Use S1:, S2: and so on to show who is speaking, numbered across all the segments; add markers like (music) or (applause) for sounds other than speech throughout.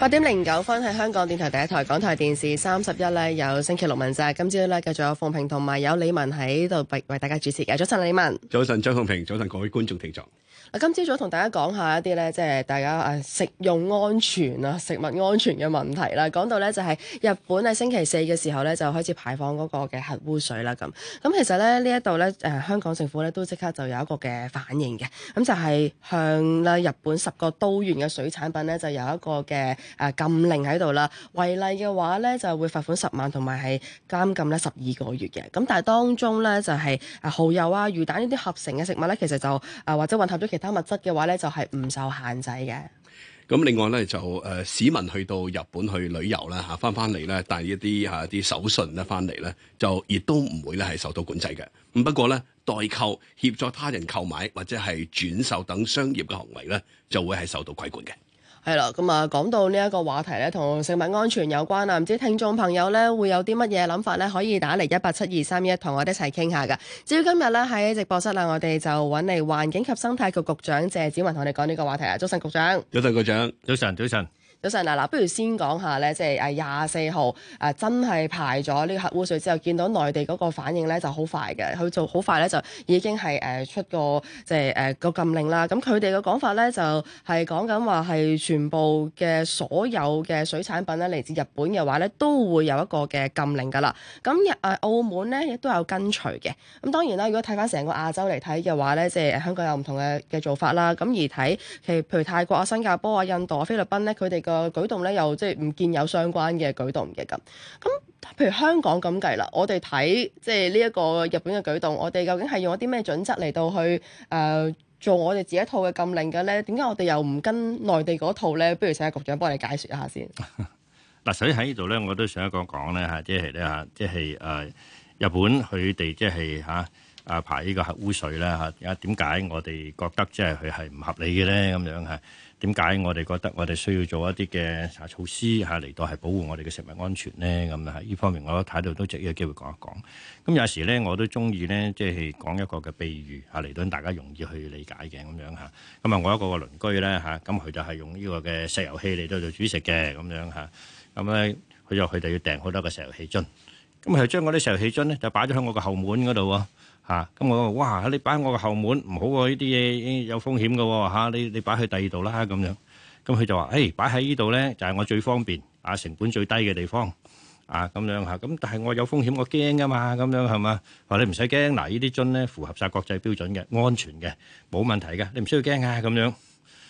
S1: 八點零九分喺香港電台第一台，港台電視三十一咧有星期六問責，今朝咧繼續有鳳平同埋有李文喺度為大家主持嘅。早晨，李文。
S2: 早晨，張鳳平。早晨，各位觀眾聽眾。
S1: 嗱、啊，今朝早同大家講下一啲咧，即係大家誒、啊、食用安全啊，食物安全嘅問題啦。講、啊、到咧就係、是、日本喺星期四嘅時候咧就開始排放嗰個嘅核污水啦。咁咁、啊、其實咧呢一度咧誒香港政府咧都即刻就有一個嘅反應嘅，咁就係向啦日本十個都縣嘅水產品咧就有一個嘅。誒、啊、禁令喺度啦，違例嘅話咧就會罰款十萬，同埋係監禁咧十二個月嘅。咁但係當中咧就係、是、誒蠔油啊、魚蛋呢啲合成嘅食物咧，其實就誒、啊、或者混合咗其他物質嘅話咧，就係、是、唔受限制嘅。
S2: 咁另外咧就誒、呃、市民去到日本去旅遊啦，嚇、啊，翻翻嚟咧帶一啲嚇啲手信咧翻嚟咧，就亦都唔會咧係受到管制嘅。咁不過咧代購協助他人購買或者係轉售等商業嘅行為咧，就會係受到規管嘅。
S1: 係啦，咁啊，講到呢一個話題咧，同食物安全有關啊，唔知聽眾朋友咧會有啲乜嘢諗法咧，可以打嚟一八七二三一，同我哋一齊傾下噶。至於今日咧喺直播室啦，我哋就揾嚟環境及生態局，局局長謝子文同你講呢個話題啊，早晨局長，
S3: 早晨局長，早晨，早晨。
S1: 早晨啊，嗱，不如先講下咧，即係誒廿四號誒真係排咗呢個核污水之後，見到內地嗰個反應咧就好快嘅，佢就好快咧就已經係誒出個即係誒個禁令啦。咁佢哋嘅講法咧就係講緊話係全部嘅所有嘅水產品咧嚟自日本嘅話咧都會有一個嘅禁令㗎啦。咁誒澳門咧亦都有跟隨嘅。咁當然啦，如果睇翻成個亞洲嚟睇嘅話咧，即係香港有唔同嘅嘅做法啦。咁而睇其譬如泰國啊、新加坡啊、印度啊、菲律賓咧，佢哋。個舉動咧，又即係唔見有相關嘅舉動嘅咁。咁譬如香港咁計啦，我哋睇即係呢一個日本嘅舉動，我哋究竟係用一啲咩準則嚟到去誒做我哋自己一套嘅禁令嘅咧？點解我哋又唔跟內地嗰套咧？不如請阿局長幫你解説一下先。
S3: 嗱，所以喺呢度咧，我都想一講講咧嚇，即係咧嚇，即係誒日本佢哋即係嚇啊排呢個污水啦嚇，點解我哋覺得即係佢係唔合理嘅咧咁樣嚇？點解我哋覺得我哋需要做一啲嘅措施嚇嚟到係保護我哋嘅食物安全呢？咁啊，呢方面我都睇到都值嘅機會講一講。咁有時咧，我都中意咧，即係講一個嘅比喻嚇嚟到，啊、大家容易去理解嘅咁樣嚇。咁啊，我一個個鄰居咧嚇，咁、啊、佢就係用呢個嘅石油氣嚟到做煮食嘅咁樣嚇。咁咧，佢就佢就要訂好多個石油氣樽。咁佢將嗰啲石油氣樽咧就擺咗喺我個後門嗰度啊。嚇！咁我話：哇！你擺我個後門唔好喎，呢啲嘢有風險嘅喎嚇！你你擺去第二度啦咁樣。咁佢就話：誒，擺喺呢度咧，就係我最方便、啊成本最低嘅地方啊咁樣嚇。咁但係我有風險，我驚噶嘛咁樣係嘛？話你唔使驚，嗱，呢啲樽咧符合晒國際標準嘅，安全嘅，冇問題嘅，你唔需要驚啊咁樣。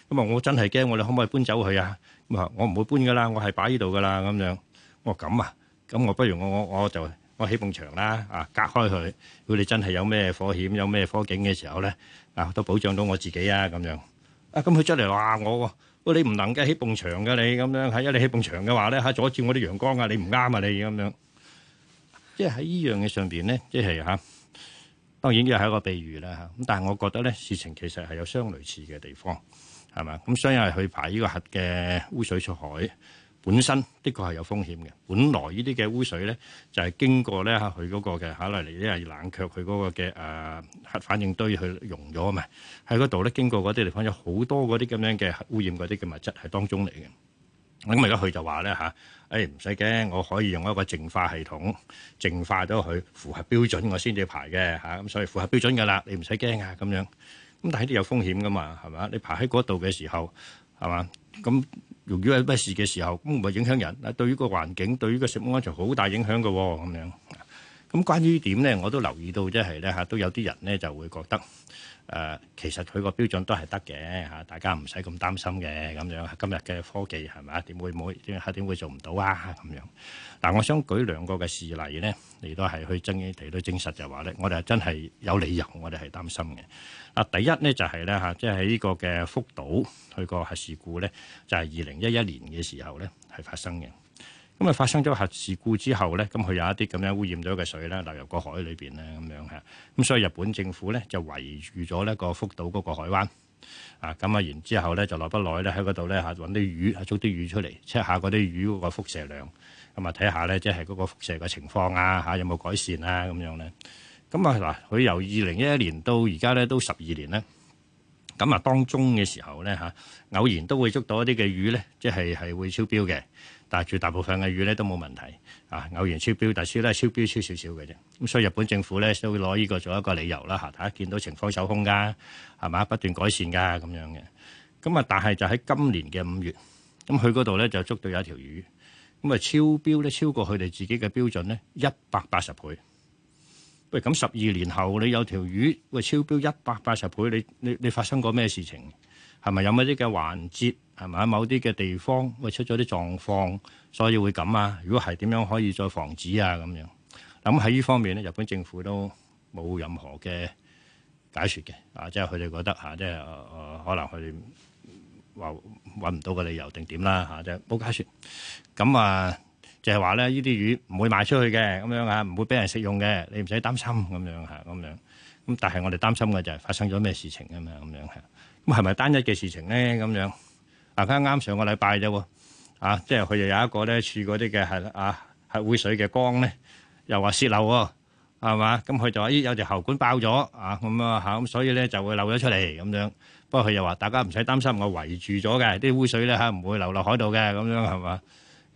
S3: 咁啊，我真係驚，我哋可唔可以搬走佢啊？咁啊，我唔會搬噶啦，我係擺呢度噶啦咁樣。我咁啊，咁我不如我我我就。我起埲牆啦，啊隔開佢。如果你真係有咩火險、有咩火警嘅時候咧，啊都保障到我自己啊咁樣。啊咁佢出嚟話我喎，喂你唔能夠起埲牆㗎你咁樣，因為你起埲牆嘅話咧，嚇阻住我啲陽光啊，你唔啱啊你咁樣。即係喺依樣嘢上邊咧，即係嚇。當然呢係一個比喻啦嚇，咁但係我覺得咧，事情其實係有相類似嘅地方，係嘛？咁所以係去排依個核嘅污水出海。本身的確係有風險嘅，本來呢啲嘅污水咧就係、是、經過咧嚇佢嗰個嘅，考慮嚟啲係冷卻佢嗰個嘅、啊、核反應堆去溶咗啊嘛，喺嗰度咧經過嗰啲地方有好多嗰啲咁樣嘅污染嗰啲嘅物質係當中嚟嘅。咁而家佢就話咧嚇，誒唔使驚，我可以用一個淨化系統淨化咗佢，符合標準我，我先至排嘅嚇。咁所以符合標準㗎啦，你唔使驚啊咁樣。咁但係啲有風險㗎嘛，係嘛？你排喺嗰度嘅時候，係嘛？咁如果有咩事嘅時候，咁唔係影響人，對於個環境、對於個食物安全好大影響嘅喎，咁樣。咁關於點咧，我都留意到，即係咧嚇，都有啲人咧就會覺得誒，其實佢個標準都係得嘅嚇，大家唔使咁擔心嘅咁樣。今日嘅科技係咪？點會唔會點？點會做唔到啊？咁樣。但係我想舉兩個嘅事例咧，嚟到係去證，嚟到證實就話咧，我哋係真係有理由，我哋係擔心嘅。啊，第一咧就係咧嚇，即係喺呢個嘅福島佢個核事故咧，就係二零一一年嘅時候咧係發生嘅。咁啊，發生咗核事故之後咧，咁佢有一啲咁樣污染咗嘅水咧，流入個海裏邊咧，咁樣嚇。咁所以日本政府咧就圍住咗呢個福島嗰個海灣，啊咁啊，然之後咧就落不耐咧喺嗰度咧嚇揾啲魚啊，捉啲魚出嚟測下嗰啲魚個輻射量，咁啊睇下咧即係嗰個輻射嘅情況啊嚇、啊，有冇改善啊咁樣咧。咁啊嗱，佢、啊、由二零一一年到而家咧都十二年咧，咁啊當中嘅時候咧嚇、啊、偶然都會捉到一啲嘅魚咧，即係係會超標嘅。但住大部分嘅魚咧都冇問題，啊偶然超標，但係超咧超標超少少嘅啫。咁所以日本政府咧都會攞呢個做一個理由啦嚇。大、啊、家、啊、見到情況收空㗎，係嘛不斷改善㗎咁樣嘅。咁啊但係就喺今年嘅五月，咁佢嗰度咧就捉到有一條魚，咁啊超標咧超過佢哋自己嘅標準咧一百八十倍。喂、欸，咁十二年後你有條魚喂，超標一百八十倍，你你你發生過咩事情？係咪有嗰啲嘅環節，係咪喺某啲嘅地方會出咗啲狀況，所以會咁啊？如果係點樣可以再防止啊？咁樣，咁喺呢方面咧，日本政府都冇任何嘅解説嘅啊，即係佢哋覺得嚇、啊，即係、呃、可能佢哋話揾唔到個理由定點啦嚇，就冇、啊、解説咁啊，就係話咧呢啲魚唔會賣出去嘅，咁樣啊，唔會俾人食用嘅，你唔使擔心咁樣嚇，咁樣咁，但係我哋擔心嘅就係發生咗咩事情啊嘛，咁樣嚇。咁係咪單一嘅事情咧？咁樣啊，啱啱上個禮拜啫喎，啊，即係佢就有一個咧，儲嗰啲嘅係啊，核污水嘅缸咧，又話泄漏，係嘛？咁佢就話咦、哎，有條喉管爆咗，啊，咁啊，吓咁，所以咧就會漏咗出嚟，咁樣。不過佢又話大家唔使擔心，我圍住咗嘅啲污水咧吓，唔會流落海度嘅，咁樣係嘛？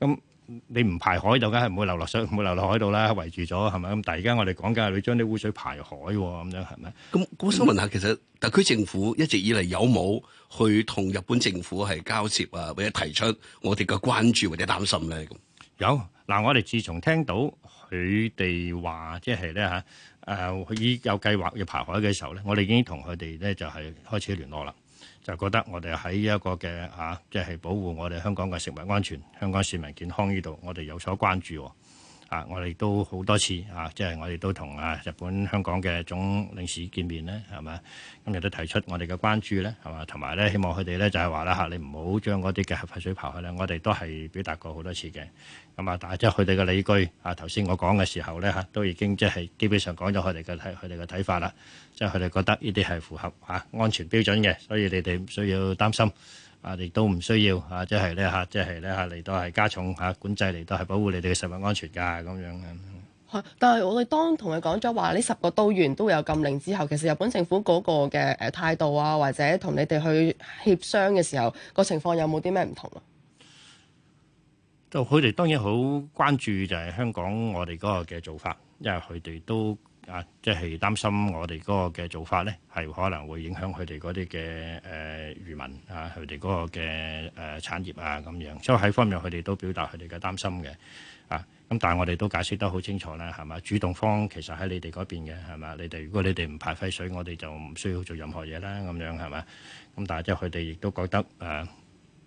S3: 咁。你唔排海就梗係唔會流落水，唔會流落海度啦，圍住咗係咪？咁但係而家我哋講緊係你將啲污水排海咁樣，係咪？咁我想問下，嗯、其實特區政府一直以嚟有冇去同日本政府係交涉啊，或者提出我哋嘅關注或者擔心咧？咁有嗱，我哋自從聽到佢哋話即係咧吓誒，啊、佢有計劃要排海嘅時候咧，我哋已經同佢哋咧就係開始聯絡啦。就覺得我哋喺一個嘅嚇，啊，即係保護我哋香港嘅食物安全、香港市民健康呢度，我哋有所關注喎。啊！我哋都好多次啊，即係我哋都同啊日本香港嘅總領事見面咧，係嘛？今日都提出我哋嘅關注咧，係嘛？同埋咧，希望佢哋咧就係話啦嚇，你唔好將嗰啲嘅核廢水排去咧、啊。我哋都係表達過好多次嘅。咁啊，但係即係佢哋嘅理據啊，頭先我講嘅時候咧嚇、啊，都已經即係基本上講咗佢哋嘅睇佢哋嘅睇法啦。即係佢哋覺得呢啲係符合嚇、啊、安全標準嘅，所以你哋唔需要擔心。啊！亦都唔需要嚇，即係咧嚇，即係咧嚇嚟到係加重嚇管制，嚟到係保護你哋嘅食物安全㗎咁樣嘅。
S1: 但係我哋當同佢講咗話呢十個都縣都有禁令之後，其實日本政府嗰個嘅誒態度啊，或者同你哋去協商嘅時候，個情況有冇啲咩唔同啊？
S3: 就佢哋當然好關注就係香港我哋嗰個嘅做法，因為佢哋都。啊，即係擔心我哋嗰個嘅做法咧，係可能會影響佢哋嗰啲嘅誒漁民啊，佢哋嗰個嘅誒產業啊咁樣，所以喺方面佢哋都表達佢哋嘅擔心嘅啊。咁但係我哋都解釋得好清楚啦，係嘛？主動方其實喺你哋嗰邊嘅，係嘛？你哋如果你哋唔排廢水，我哋就唔需要做任何嘢啦，咁樣係嘛？咁但係即係佢哋亦都覺得誒，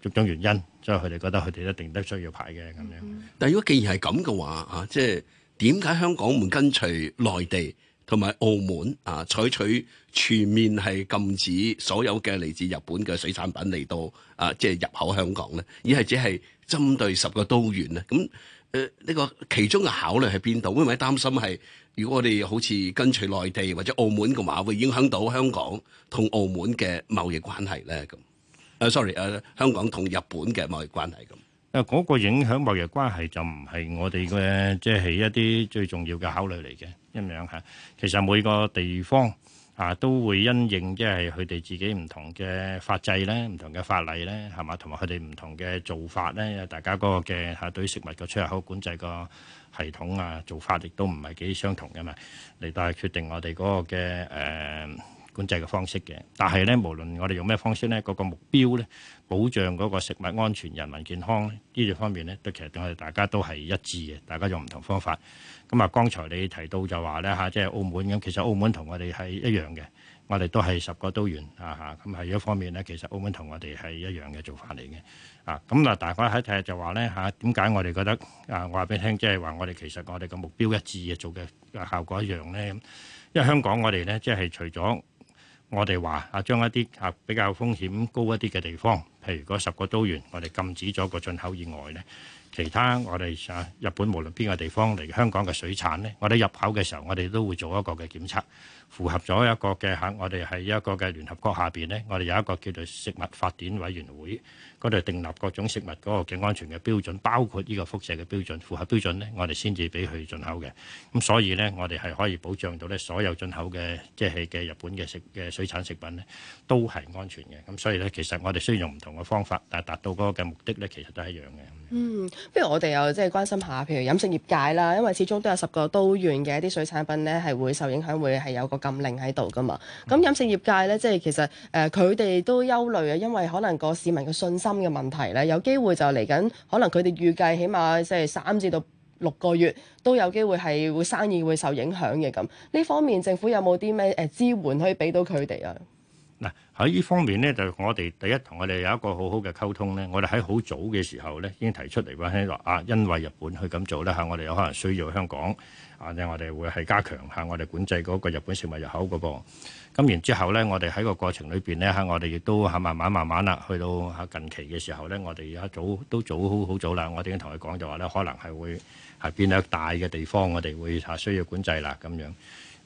S3: 種種原因，所以佢哋覺得佢哋一定都需要排嘅咁樣。但係如果既然係咁嘅
S2: 話，啊即係。點解香港唔跟隨內地同埋澳門啊，採取全面係禁止所有嘅嚟自日本嘅水產品嚟到啊，即係入口香港咧？而係只係針對十個都縣咧？咁誒呢個其中嘅考慮喺邊度？會唔會擔心係如果我哋好似跟隨內地或者澳門嘅話，會影響到香港同澳門嘅貿易關係咧？咁、啊、誒，sorry 誒、啊，
S3: 香港同日本嘅貿易關係咁。啊！嗰個影響貿易關係就唔係我哋嘅，即係一啲最重要嘅考慮嚟嘅。咁樣嚇，其實每個地方啊都會因應，即係佢哋自己唔同嘅法制咧、唔同嘅法例咧，係嘛，同埋佢哋唔同嘅做法咧。大家嗰個嘅嚇、啊、對於食物個出入口管制個系統啊，做法亦都唔係幾相同㗎嘛。嚟到來決定我哋嗰個嘅誒。呃管制嘅方式嘅，但係咧，無論我哋用咩方式咧，嗰個目標咧，保障嗰個食物安全、人民健康呢啲方面咧，都其實我哋大家都係一致嘅，大家用唔同方法。咁啊，剛才你提到就話咧吓，即係澳門咁，其實澳門同我哋係一樣嘅，我哋都係十個都員啊吓，咁係一方面咧，其實澳門同我哋係一樣嘅做法嚟嘅啊。咁嗱，大家睇睇就話咧吓，點解我哋覺得啊，我話俾你聽，即係話我哋其實我哋嘅目標一致嘅，做嘅效果一樣咧，因為香港我哋咧，即係除咗我哋話啊，將一啲啊比較風險高一啲嘅地方，譬如嗰十個都縣，我哋禁止咗個進口以外咧，其他我哋日本無論邊個地方嚟香港嘅水產咧，我哋入口嘅時候，我哋都會做一個嘅檢測。符合咗一個嘅嚇，我哋係一個嘅聯合國下邊咧，我哋有一個叫做食物法典委員會，嗰度訂立各種食物嗰個嘅安全嘅標準，包括呢個輻射嘅標準。符合標準咧，我哋先至俾佢進口嘅。咁所以咧，我哋係可以保障到咧，所有進口嘅即係嘅日本嘅食嘅水產食品咧，都係安全嘅。咁所以咧，其實我哋雖然用唔同嘅方法，但係達到嗰個嘅目的咧，其實都係一樣嘅。
S1: 嗯，不如我哋又即係關心下，譬如飲食業界啦，因為始終都有十個都縣嘅一啲水產品咧，係會受影響，會係有。禁令喺度噶嘛？咁飲食業界咧，即、呃、係、嗯、其實誒，佢、呃、哋、呃、都憂慮啊，因為可能個市民嘅信心嘅問題咧，有機會就嚟緊，可能佢哋預計起碼即係三至到六個月都有機會係會生意會受影響嘅咁。呢方面政府有冇啲咩誒支援可以俾到佢哋啊？
S3: 喺呢、啊、方面呢，就我哋第一同我哋有一個好好嘅溝通呢，我哋喺好早嘅時候呢，已經提出嚟話呢，話啊，因為日本去咁做呢，嚇、啊，我哋有可能需要香港啊，啊，啊，我哋會係加強下、啊、我哋管制嗰個日本食物入口個噃。咁、啊啊、然之後呢，我哋喺個過程裏邊呢，嚇、啊，我哋亦都嚇慢慢慢慢啦，去、啊、到近期嘅時候呢，我哋一早都早好早啦，我哋已經同佢講就話呢，可能係會係、啊、變咗大嘅地方，我哋會需要管制啦咁樣。啊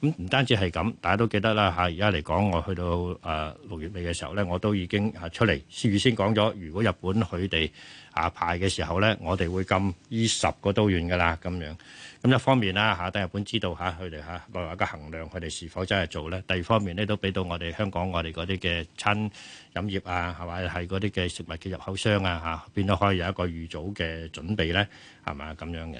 S3: 咁唔、嗯、單止係咁，大家都記得啦嚇。而家嚟講，我去到誒六、啊、月尾嘅時候咧，我都已經出嚟事先講咗，如果日本佢哋下排嘅時候咧，我哋會禁依十個都縣㗎啦，咁樣。咁一方面啦嚇，等日本知道嚇，佢哋嚇來一個衡量，佢哋是否真係做咧。第二方面咧，都俾到我哋香港我哋嗰啲嘅餐飲業啊，係咪係嗰啲嘅食物嘅入口商啊嚇，變咗可以有一個預早嘅準備咧，係咪啊咁樣嘅？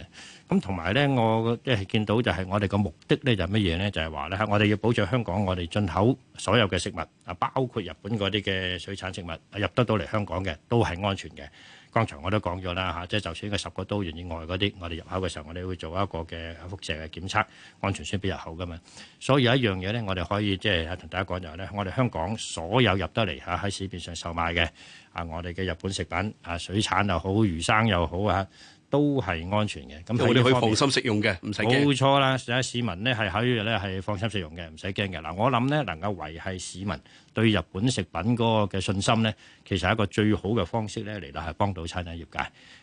S3: 咁同埋咧，我即係見到就係我哋個目的咧就乜嘢咧？就係話咧，我哋要保障香港我哋進口所有嘅食物啊，包括日本嗰啲嘅水產食物入得到嚟香港嘅都係安全嘅。剛才我都講咗啦嚇，即係就算個十個都縣以外嗰啲，我哋入口嘅時候，我哋會做一個嘅輻射嘅檢測，安全先俾入口㗎嘛。所以有一樣嘢咧，我哋可以即係同大家講就係咧，我哋香港所有入得嚟嚇喺市面上售賣嘅啊，我哋嘅日本食品啊，水產又好，魚生又好啊。都係安全嘅，咁佢哋可以放心食用嘅，唔使驚，冇錯啦！而家市民咧係喺呢度咧係放心食用嘅，唔使驚嘅。嗱，我諗咧能夠維係市民對日本食品嗰個嘅信心咧，其實係一個最好嘅方式咧嚟到係幫到餐飲業界。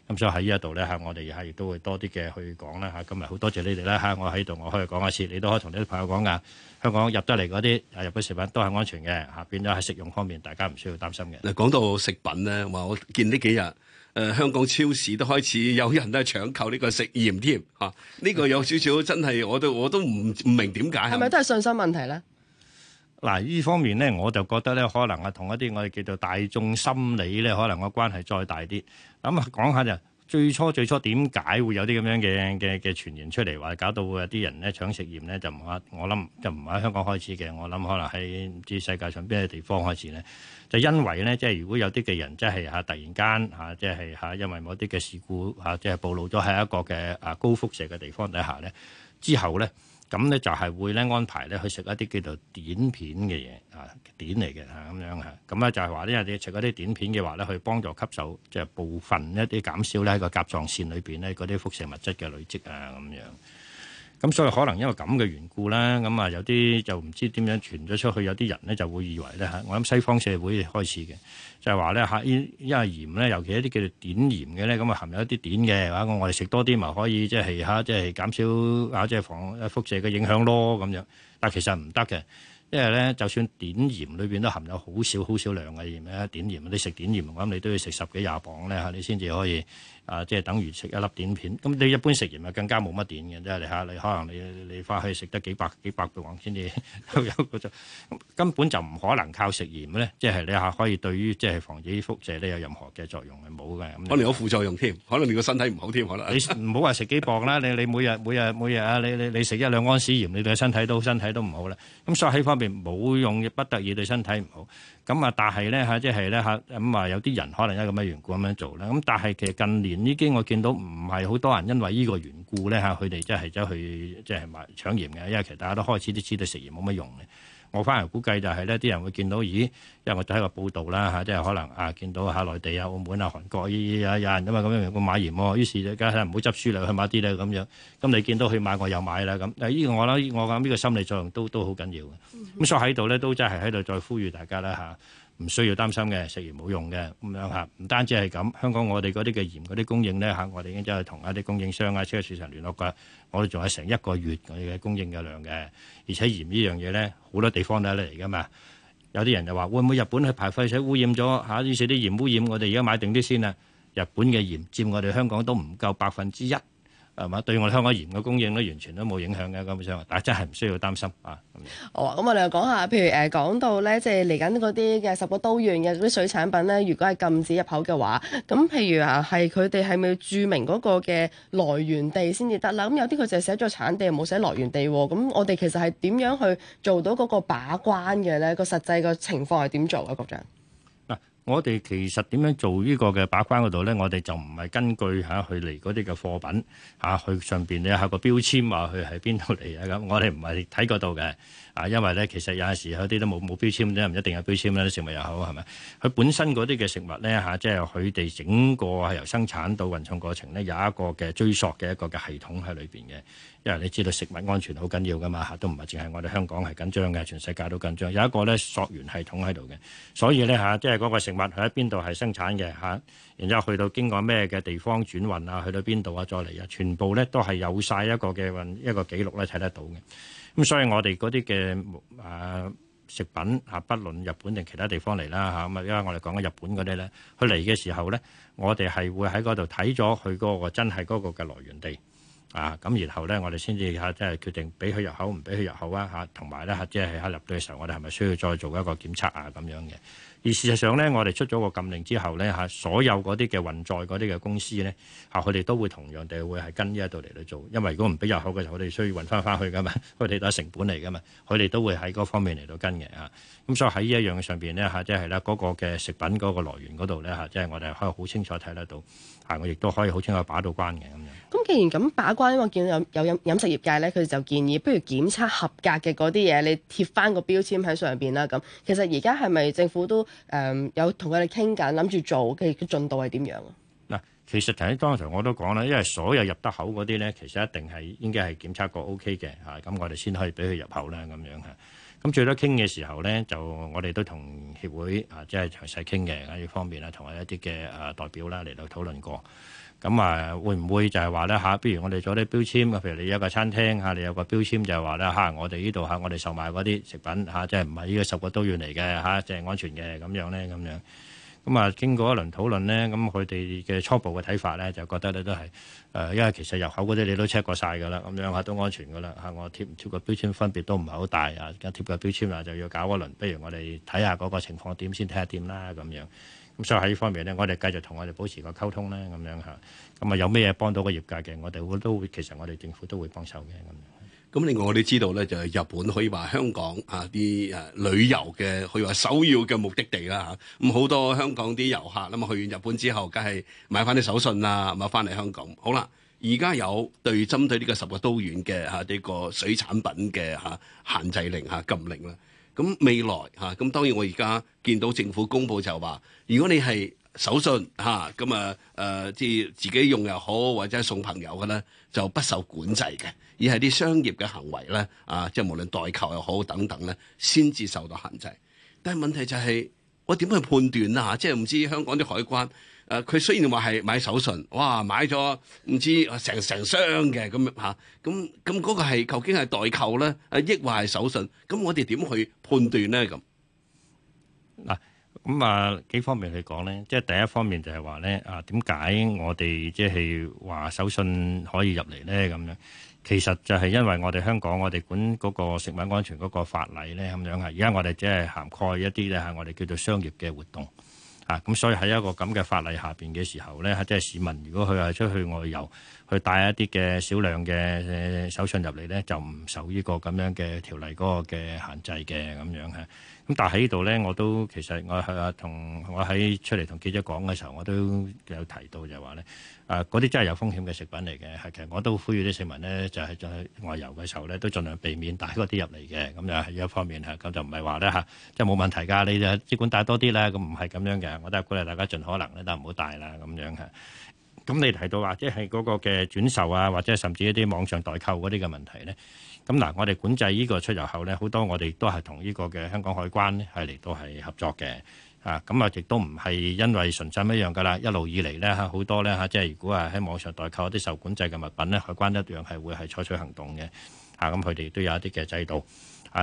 S3: 咁所以喺呢一度咧，喺我哋係亦都會多啲嘅去講啦嚇。今日好多謝你哋啦嚇，我喺度我可以講一次，你都可以同你啲朋友講噶，香港入得嚟嗰啲啊日本食品都係安全嘅嚇，變咗喺食用方面大家唔需要擔心嘅。
S2: 嗱，講到食品咧，話我見呢幾日。誒、呃、香港超市都開始有人都係搶購呢個食鹽添
S3: 嚇，呢、啊呢個有少少真係我都我都唔唔明點解係咪
S1: 都係信心問題咧？
S3: 嗱，呢方面咧我就覺得咧，可能啊同一啲我哋叫做大眾心理咧，可能個關係再大啲。咁啊講下就。最初最初點解會有啲咁樣嘅嘅嘅傳言出嚟，話搞到有啲人咧搶食鹽咧，就唔係我諗就唔係喺香港開始嘅，我諗可能喺唔知世界上邊個地方開始咧，就因為咧即係如果有啲嘅人即係吓突然間吓即係吓因為某啲嘅事故吓即係暴露咗喺一個嘅啊高輻射嘅地方底下咧，之後咧。咁咧就係會咧安排咧去食一啲叫做碘片嘅嘢啊，碘嚟嘅嚇咁樣嚇，咁咧就係話咧你食一啲碘片嘅話咧，去幫助吸收，即係部分一啲減少咧個甲狀腺裏邊咧嗰啲輻射物質嘅累積啊咁樣。咁所以可能因為咁嘅緣故啦，咁啊有啲就唔知點樣傳咗出去，有啲人咧就會以為咧嚇，我諗西方社會開始嘅，就係話咧嚇，因因為鹽咧，尤其一啲叫做碘鹽嘅咧，咁啊含有一啲碘嘅，我我哋食多啲咪可以即係嚇，即係減少啊即係防輻射嘅影響咯咁樣。但其實唔得嘅，因為咧就算碘鹽裏邊都含有好少好少量嘅鹽咧，碘鹽你食碘鹽咁，我諗你都要食十幾廿磅咧嚇，你先至可以。啊，即係等於食一粒碘片，咁你一般食鹽咪更加冇乜碘嘅啫。你嚇你可能你你返去食得幾百幾百嘅磅先至有嗰個作用，根本就唔可能靠食鹽咧，即係你嚇可以對於即係防止輻射咧有任何嘅作用係冇嘅，可能有副作用添，可能你個身體唔好添啦。你唔好話食幾磅啦，你你每日每日每日啊，你你你食一兩安士鹽，你對身體都身體都唔好啦。咁所以喺方面冇用，不特止對身體唔好。咁啊，但係咧嚇，即係咧嚇，咁話有啲人可能因為咁樣緣故咁樣做咧，咁但係其實近年已經我見到唔係好多人因為呢個緣故咧嚇，佢哋即係走去即係、即係、買搶鹽嘅，因為其實大家都開始都知道食鹽冇乜用嘅。我翻嚟估計就係、是、咧，啲人會見到，咦？因為我睇個報道啦嚇、啊，即係可能啊，見到下內、啊、地啊、澳門啊、韓國呢啲啊，有人因為咁樣個、啊、買鹽喎，於是咧梗係唔好執輸嚟去買啲咧咁樣。咁你見到佢買，我又買啦咁。依個我諗，我講呢、這個心理作用都都好緊要嘅。咁、啊啊、所以喺度咧，都真係喺度再呼籲大家啦嚇。啊唔需要擔心嘅，食鹽冇用嘅咁樣嚇。唔單止係咁，香港我哋嗰啲嘅鹽嗰啲供應咧嚇，我哋已經真係同一啲供應商啊、超級市場聯絡噶。我哋仲有成一個月我哋嘅供應嘅量嘅。而且鹽呢樣嘢咧，好多地方都有得嚟噶嘛。有啲人就話會唔會日本去排廢水污染咗嚇？於是啲鹽污染，我哋而家買定啲先啊。日本嘅鹽佔我哋香港都唔夠百分之一。係嘛？對我哋香港嘅鹽嘅供應都完全都冇影響嘅咁上，大家真係唔需要擔心啊。
S1: 好啊，咁、哦、我哋又講下，譬如誒講到咧，即係嚟緊嗰啲嘅十個都縣嘅啲水產品咧，如果係禁止入口嘅話，咁譬如啊，係佢哋係咪要註明嗰個嘅來源地先至得啦？咁有啲佢就係寫咗產地，冇寫來源地喎、啊。咁我哋其實係點樣去做到嗰個把關嘅咧？個實際嘅情況係點做啊，局長？
S3: 我哋其實點樣做呢個嘅把關嗰度咧？我哋就唔係根據嚇、啊、去嚟嗰啲嘅貨品嚇、啊、去上面咧，有個標籤啊，佢喺邊度嚟啊？咁、啊、我哋唔係睇嗰度嘅。啊，因為咧，其實有陣時有啲都冇冇標籤啫，唔一定有標籤啦。啲食物又好係咪？佢本身嗰啲嘅食物咧嚇、啊，即係佢哋整個係由生產到運送過程咧，有一個嘅追索嘅一個嘅系統喺裏邊嘅。因為你知道食物安全好緊要㗎嘛嚇，都唔係淨係我哋香港係緊張嘅，全世界都緊張。有一個咧溯源系統喺度嘅，所以咧嚇、啊，即係嗰個食物喺邊度係生產嘅嚇、啊，然之後去到經過咩嘅地方轉運啊，去到邊度啊，再嚟啊，全部咧都係有晒一個嘅運一個記錄咧睇得到嘅。咁所以我哋嗰啲嘅誒食品嚇，不論日本定其他地方嚟啦嚇，咁啊因為我哋講嘅日本嗰啲咧，佢嚟嘅時候咧，我哋係會喺嗰度睇咗佢嗰個真係嗰個嘅來源地啊，咁然後咧我哋先至吓即係決定俾佢入口唔俾佢入口啊吓，同埋咧嚇即係喺入到嘅時候，我哋係咪需要再做一個檢測啊咁樣嘅？而事實上咧，我哋出咗個禁令之後咧嚇，所有嗰啲嘅運載嗰啲嘅公司咧嚇，佢哋都會同樣地會係跟呢一度嚟到做，因為如果唔俾入口嘅時候，佢哋需要運翻返去噶嘛，佢哋都係成本嚟噶嘛，佢哋都會喺嗰方面嚟到跟嘅嚇。咁、啊、所以喺呢一樣上邊咧嚇，即係啦，嗰個嘅食品嗰個來源嗰度咧嚇，即係我哋可以好清楚睇得到嚇、啊，我亦都可以好清楚把到關嘅咁
S1: 樣。咁既然咁把關，因為我見到有飲飲食業界咧，佢哋就建議不如檢測合格嘅嗰啲嘢，你貼翻個標籤喺上邊啦。咁其實而家係咪政府都？誒、嗯、有同佢哋傾緊，諗住做嘅嘅進度係點樣啊？
S3: 嗱，其實頭先當初我都講啦，因為所有入得口嗰啲咧，其實一定係應該係檢測過 O K 嘅嚇，咁、OK 啊、我哋先可以俾佢入口啦咁樣嚇。咁、啊、最多傾嘅時候咧，就我哋都同協會啊，即係詳細傾嘅呢方面啦，同埋一啲嘅誒代表啦嚟到討論過。咁啊，會唔會就係話咧吓，不如我哋做啲標籤嘅，譬如你有個餐廳嚇、啊，你有個標籤就係話咧吓，我哋呢度吓，我哋售賣嗰啲食品吓，即係唔係呢個十個都要嚟嘅吓，即、啊、係、即係、安全嘅咁樣咧，咁樣。咁啊，經過一輪討論咧，咁佢哋嘅初步嘅睇法咧，就覺得咧都係誒、啊，因為其實入口嗰啲你都 check 過晒㗎啦，咁樣吓，都安全㗎啦吓，我貼貼個標籤分別都唔係好大啊，而家貼個標籤啊就要搞一輪，不如我哋睇下嗰個情況點先睇下點啦，咁樣。咁所以喺呢方面咧，我哋繼續同我哋保持個溝通啦。咁樣嚇。咁啊，有咩嘢幫到個業界嘅，我哋會都其實我哋政府都會幫手嘅咁。咁另外我哋知道咧，就係、是、日本可以話香港啊啲
S2: 誒旅遊嘅，可以話首要嘅目的地啦嚇。咁、啊、好多香港啲遊客啦，咁、啊、去完日本之後，梗係買翻啲手信啊，買翻嚟香港。好啦，而家有對針對呢個十個都縣嘅嚇呢個水產品嘅嚇、啊、限制令嚇、啊、禁令啦。啊咁未來嚇，咁、啊、當然我而家見到政府公布就話，如果你係手信嚇，咁啊誒，即、啊、係、呃、自己用又好，或者係送朋友嘅咧，就不受管制嘅，而係啲商業嘅行為咧，啊，即係無論代購又好等等咧，先至受到限制。但係問題就係、是，我點去判斷啊？即係唔知香港啲海關。誒佢雖然話係買手信，哇買咗唔知成成箱嘅咁樣嚇，咁咁嗰個係究竟係代購咧？抑或係手信？咁我哋點去判斷咧？咁
S3: 嗱，咁啊幾方面去講咧，即係第一方面就係話咧，啊點解我哋即係話手信可以入嚟咧？咁樣其實就係因為我哋香港我哋管嗰個食品安全嗰個法例咧，咁樣啊，而家我哋即係涵蓋一啲咧係我哋叫做商業嘅活動。啊，咁所以喺一個咁嘅法例下邊嘅時候咧、啊，即係市民如果佢係出去外遊，去帶一啲嘅少量嘅手信入嚟咧，就唔受呢個咁樣嘅條例嗰個嘅限制嘅咁樣嚇。咁、啊、但係喺呢度咧，我都其實我係同我喺出嚟同記者講嘅時候，我都有提到就係話咧。誒嗰啲真係有風險嘅食品嚟嘅，係、啊、其實我都呼籲啲市民呢，就係、是、在外遊嘅時候呢，都儘量避免帶嗰啲入嚟嘅，咁就係一方面嚇，咁、啊、就唔係話咧嚇，即係冇問題㗎，你就即管帶多啲啦，咁唔係咁樣嘅，我都係鼓勵大家盡可能咧，都唔好帶啦咁樣嘅，咁、啊、你提到話、啊、即係嗰個嘅轉售啊，或者甚至一啲網上代購嗰啲嘅問題呢。咁、啊、嗱，我哋管制呢個出入口呢，好多我哋都係同呢個嘅香港海關係嚟到係合作嘅。啊，咁啊，亦都唔係因為純粹一樣噶啦，一路以嚟咧嚇好多咧嚇、啊，即係如果啊喺網上代購一啲受管制嘅物品咧，海關一樣係會係採取行動嘅，啊，咁佢哋都有一啲嘅制度。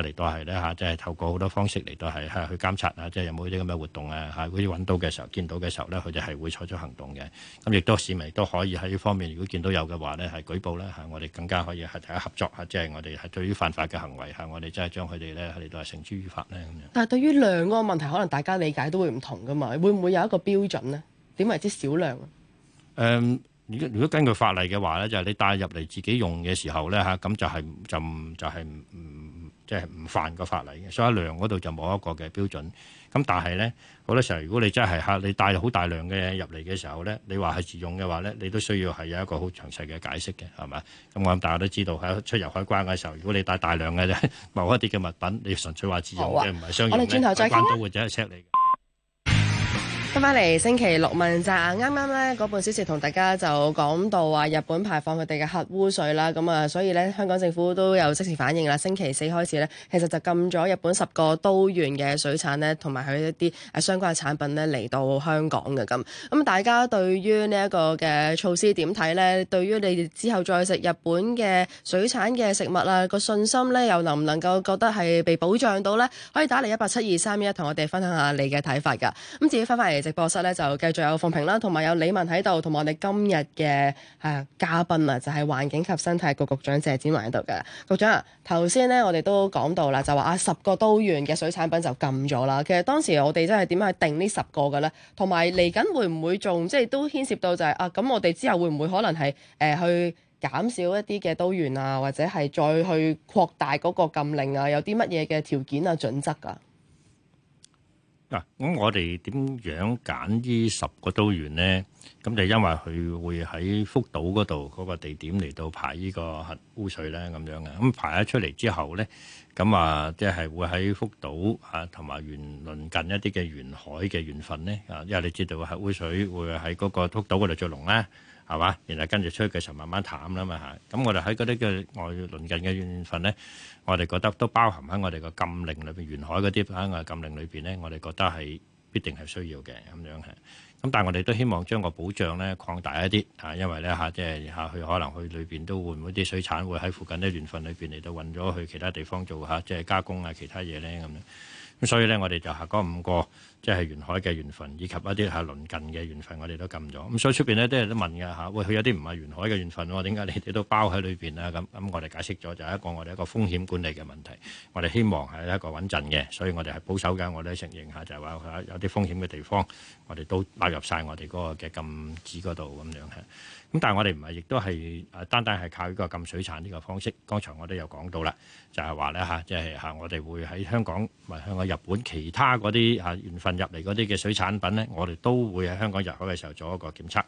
S3: 嚟到係咧嚇，即係透過好多方式嚟到係去監察有有啊！即係有冇啲咁嘅活動啊嚇？嗰啲揾到嘅時候、見到嘅時候咧，佢哋係會採取行動嘅。咁、啊、亦都市民都可以喺呢方面，如果見到有嘅話咧，係舉報咧嚇、啊，我哋更加可以係大家合作嚇，即、啊、係、就是、我哋係對於犯法嘅行為嚇、啊，我哋真係將佢哋咧，佢哋都係繩之於法咧咁
S1: 樣。但係對於量個問題，可能大家理解都會唔同噶嘛？會唔會有一個標準呢？點為之少量啊？誒、嗯，
S3: 如果根據法例嘅話咧，就係、是、你帶入嚟自己用嘅時候咧嚇，咁、啊、就係、是、就就係唔。即係唔犯個法例嘅，所以量嗰度就冇一個嘅標準。咁但係咧，好多時候，如果你真係客你帶好大量嘅入嚟嘅時候咧，你話係自用嘅話咧，你都需要係有一個好詳細嘅解釋嘅，係咪？咁我諗大家都知道喺出入海關嘅時候，如果你帶大量嘅 (laughs) 某一啲嘅物品，你純粹話自用嘅，唔係商業咧，用海關都會走去 check 你。
S1: 翻翻嚟星期六問責，啱啱咧嗰半小時同大家就講到話日本排放佢哋嘅核污水啦，咁、嗯、啊，所以咧香港政府都有即時反應啦。星期四開始咧，其實就禁咗日本十個都縣嘅水產咧，同埋佢一啲啊相關嘅產品咧嚟到香港嘅咁。咁、嗯、大家對於呢一個嘅措施點睇咧？對於你之後再食日本嘅水產嘅食物啦，個信心咧又能唔能夠覺得係被保障到咧？可以打嚟一八七二三一，同我哋分享下你嘅睇法㗎。咁、嗯、自己翻翻嚟。直播室咧就繼續有馮平啦，同埋有，有李文喺度，同埋我哋今日嘅誒嘉賓啊，就係、是、環境及生態局局長謝展寰喺度嘅局長。頭先咧，我哋都講到啦，就話啊十個都源嘅水產品就禁咗啦。其實當時我哋真係點樣去定呢十個嘅咧？同埋嚟緊會唔會仲即係都牽涉到就係、是、啊？咁我哋之後會唔會可能係誒、呃、去減少一啲嘅都源啊，或者係再去擴大嗰個禁令啊？有啲乜嘢嘅條件啊準則㗎、啊？
S3: 咁、啊、我哋點樣揀呢十個都源呢？咁就因為佢會喺福島嗰度嗰個地點嚟到排呢個核污水呢。咁樣啊！咁排咗出嚟之後呢，咁啊，即係會喺福島啊，同埋沿鄰近一啲嘅沿海嘅沿份呢。啊，因為你知道核污水會喺嗰個福島嗰度最濃啦、啊。係嘛，然後跟住出去嘅時候慢慢淡啦嘛嚇。咁我哋喺嗰啲嘅外鄰近嘅漁汛咧，我哋覺得都包含喺我哋個禁令裏邊，沿海嗰啲翻嘅禁令裏邊咧，我哋覺得係必定係需要嘅咁樣係。咁但係我哋都希望將個保障咧擴大一啲嚇，因為咧嚇、啊、即係下去可能去裏邊都會唔會啲水產會喺附近啲漁汛裏邊嚟到運咗去其他地方做嚇、啊，即係加工啊其他嘢咧咁樣。所以咧，我哋就下嗰五個，即係沿海嘅縣份，以及一啲係鄰近嘅縣份，我哋都禁咗。咁、嗯、所以出邊咧，都有啲人問㗎嚇。喂，佢有啲唔係沿海嘅縣份喎，點解你哋都包喺裏邊啊？咁、嗯、咁，我哋解釋咗就係一個我哋一個風險管理嘅問題。我哋希望係一個穩陣嘅，所以我哋係保守嘅。我哋都承認下就係話有有啲風險嘅地方，我哋都包入晒我哋嗰個嘅禁止嗰度咁樣嚇。咁但係我哋唔係，亦都係誒單單係靠呢個禁水產呢個方式。剛才我都有講到啦，就係話咧嚇，即係嚇我哋會喺香港唔係，香港日本其他嗰啲嚇緣分入嚟嗰啲嘅水產品呢，我哋都會喺香港入口嘅時候做一個檢測。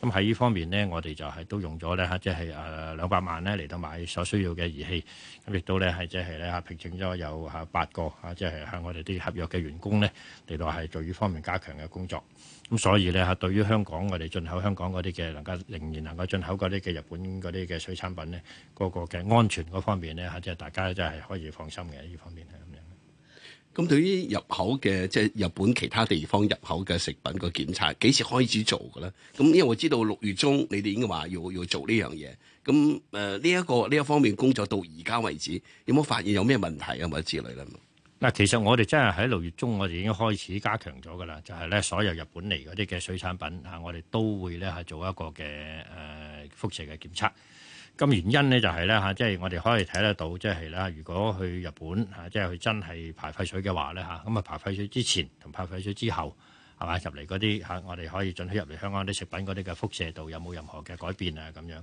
S3: 咁喺呢方面呢，我哋就係都用咗咧嚇，即係誒兩百萬呢嚟到買所需要嘅儀器。咁亦都咧係即係咧嚇，聘請咗有嚇八個嚇，即係向我哋啲合約嘅員工呢，嚟到係做呢方面加強嘅工作。咁所以咧嚇，對於香港我哋進口香港嗰啲嘅能夠仍然能夠進口嗰啲嘅日本嗰啲嘅水產品咧，嗰個嘅安全嗰方面咧嚇，即係大家真係可以放心嘅，呢方面係咁樣。
S2: 咁對於入口嘅即係日本其他地方入口嘅食品個檢查，幾時開始做嘅咧？咁因為我知道六月中你哋已經話要要做呢樣嘢，咁誒呢一個呢一方面工作到而家為止，有冇發現有咩問題啊或者之類啦？
S3: 嗱，其實我哋真係喺六月中，我哋已經開始加強咗噶啦，就係咧所有日本嚟嗰啲嘅水產品嚇，我哋都會咧係做一個嘅誒輻射嘅檢測。咁原因呢就係咧嚇，即係我哋可以睇得到，即係咧如果去日本嚇，即係佢真係排廢水嘅話咧嚇，咁啊排廢水之前同排廢水之後係嘛入嚟嗰啲嚇，我哋可以準許入嚟香港啲食品嗰啲嘅輻射度有冇任何嘅改變啊咁樣。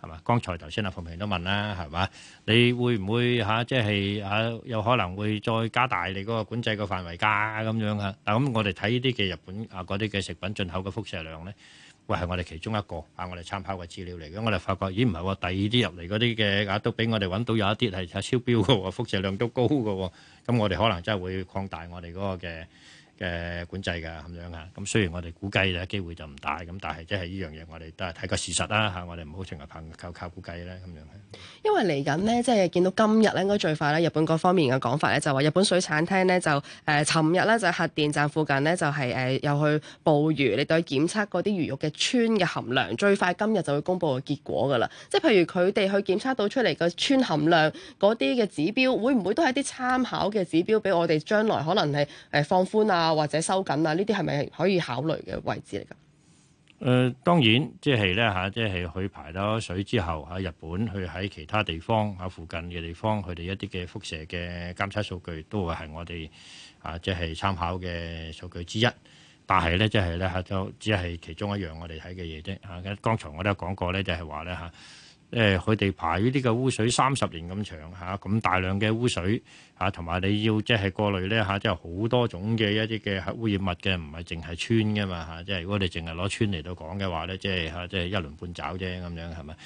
S3: 係嘛？剛才頭先阿馮平都問啦，係嘛？你會唔會嚇、啊？即係嚇、啊、有可能會再加大你嗰個管制嘅範圍㗎咁樣啊？樣但咁，我哋睇呢啲嘅日本啊嗰啲嘅食品進口嘅輻射量咧，會、哎、係我哋其中一個啊，我哋參考嘅資料嚟嘅。我哋發覺咦，唔係話第二啲入嚟嗰啲嘅啊，都俾我哋揾到有一啲係超標嘅、啊、輻射量都高嘅。咁、啊、我哋可能真係會擴大我哋嗰個嘅。誒管制㗎咁樣嚇，咁雖然我哋估計咧機會就唔大，咁但係即係依樣嘢我哋都係睇個事實啦嚇、啊，我哋唔好成日憑靠估計咧咁樣。
S1: 因為嚟緊呢，即係見到今日咧，應該最快咧，日本嗰方面嘅講法咧，就話日本水產廳呢，就誒，尋、呃、日咧就核電站附近呢，就係、是、誒、呃、又去捕魚，你對檢測嗰啲魚肉嘅氚嘅含量，最快今日就會公佈個結果㗎啦。即係譬如佢哋去檢測到出嚟個氚含量嗰啲嘅指標，會唔會都係啲參考嘅指標，俾我哋將來可能係誒放寬啊？或者收緊啊！呢啲係咪可以考慮嘅位置嚟㗎？誒、呃、
S3: 當然，即係咧嚇，即係去排咗水之後，喺日本去喺其他地方喺附近嘅地方，佢哋一啲嘅輻射嘅監測數據都會係我哋啊，即係參考嘅數據之一。但係咧，即係咧嚇，就只係其中一樣我哋睇嘅嘢啫嚇。剛才我都有講過咧，就係話咧嚇。誒佢哋排呢啲嘅污水三十年咁長嚇，咁、啊、大量嘅污水嚇，同、啊、埋你要即係過濾咧嚇，即係好多種嘅一啲嘅污染物嘅，唔係淨係氚嘅嘛嚇。即係如果你淨係攞氚嚟到講嘅話咧，即係嚇，即、啊、係、就是、一鱗半爪啫咁樣係咪？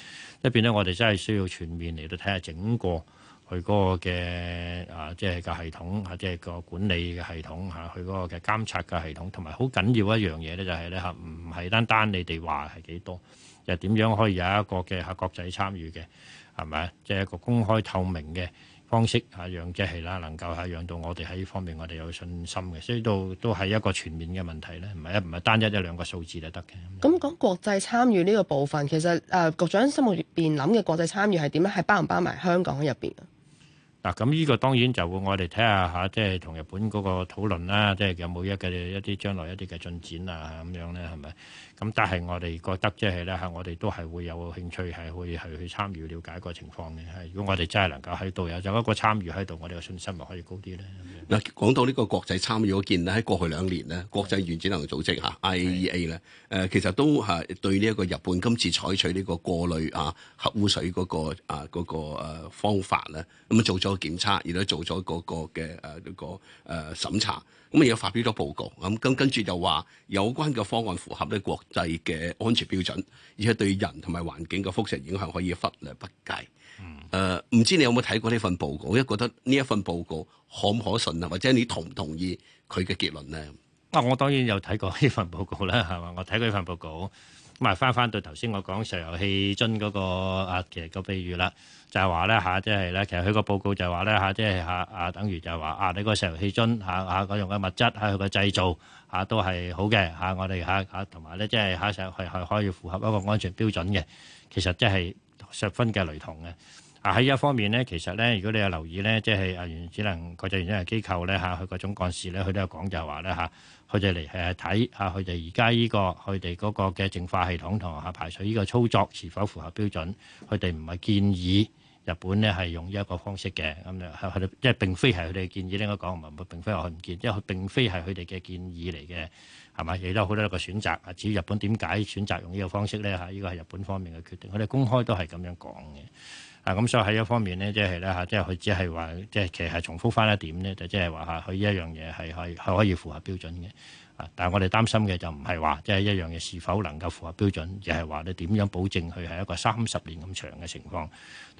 S3: 一邊咧，我哋真係需要全面嚟到睇下整個佢嗰個嘅啊，即係個系統嚇，即係個管理嘅系統嚇，佢嗰個嘅監察嘅系統，同埋好緊要一樣嘢咧，就係咧嚇，唔、啊、係、就是啊、單單你哋話係幾多。又點樣可以有一個嘅嚇國際參與嘅係咪啊？即係一個公開透明嘅方式嚇，讓即係啦能夠嚇讓到我哋喺呢方面我哋有信心嘅，所以都都係一個全面嘅問題咧，唔係一唔係單一一兩個數字就得嘅。
S1: 咁、嗯嗯、講國際參與呢個部分，其實誒、呃、局長心目入邊諗嘅國際參與係點咧？係包唔包埋香港喺入邊啊？
S3: 嗱，咁呢個當然就會我哋睇下嚇，即係同日本嗰個討論啦，即係有冇一嘅一啲將來一啲嘅進展啊咁樣咧，係咪？咁但係我哋覺得即係咧嚇，我哋都係會有興趣係會係去參與了解個情況嘅。係如果我哋真係能夠喺度有有一個參與喺度，我哋嘅信心咪可以高啲咧。嗱，
S2: 講到呢個國際參與，我見咧喺過去兩年呢，國際原子能組織吓 IAEA 咧，誒是的、啊誒、其實都嚇對呢一個日本今次採取呢個過濾啊核污水嗰個啊嗰個方法咧，咁做咗。檢測而都做咗嗰個嘅誒一個誒審查，咁啊又發表咗報告，咁咁跟住又話有關嘅方案符合咧國際嘅安全標準，而且對人同埋環境嘅輻射影響可以忽略不計。誒、嗯，呃、唔知你有冇睇過呢份報告？因為覺得呢一份報告可唔可信啊？或者你同唔同意佢嘅結論咧？
S3: 啊，我當然有睇過呢份報告啦，係嘛，我睇過呢份報告。咁啊，翻翻到頭先我講石油氣樽嗰個啊，其實個比喻啦，就係話咧嚇，即係咧，其實佢個報告就係話咧嚇，即係嚇啊，等於就係話啊，你個石油氣樽嚇嚇嗰種嘅物質嚇，佢嘅製造嚇、啊、都係好嘅嚇、啊，我哋嚇嚇同埋咧，即係下石油係係可以符合一個安全標準嘅，其實即係十分嘅雷同嘅。啊喺一方面咧，其實咧，如果你有留意咧，即係啊，原子能國際原子能機構咧嚇，佢個總幹事咧，佢都有講就係話咧嚇。佢哋嚟係睇下，佢哋而家呢個佢哋嗰個嘅淨化系統同埋排水呢個操作是否符合標準？佢哋唔係建議日本呢係用呢一個方式嘅咁咧，係佢哋即係並非係佢哋嘅建議咧，應該講唔係並非話佢唔建，因為並非係佢哋嘅建議嚟嘅，係咪？亦都有好多個選擇啊！至於日本點解選擇用呢個方式咧嚇？呢個係日本方面嘅決定，佢哋公開都係咁樣講嘅。 啊，咁所以喺一方面咧，即係咧嚇，即係佢只係話，即係其實係重複翻一點咧，就即係話嚇，佢依一樣嘢係可係可以符合標準嘅。啊，但係我哋擔心嘅就唔係話，即係一樣嘢是否能夠符合標準，而係話你點樣保證佢係一個三十年咁長嘅情況，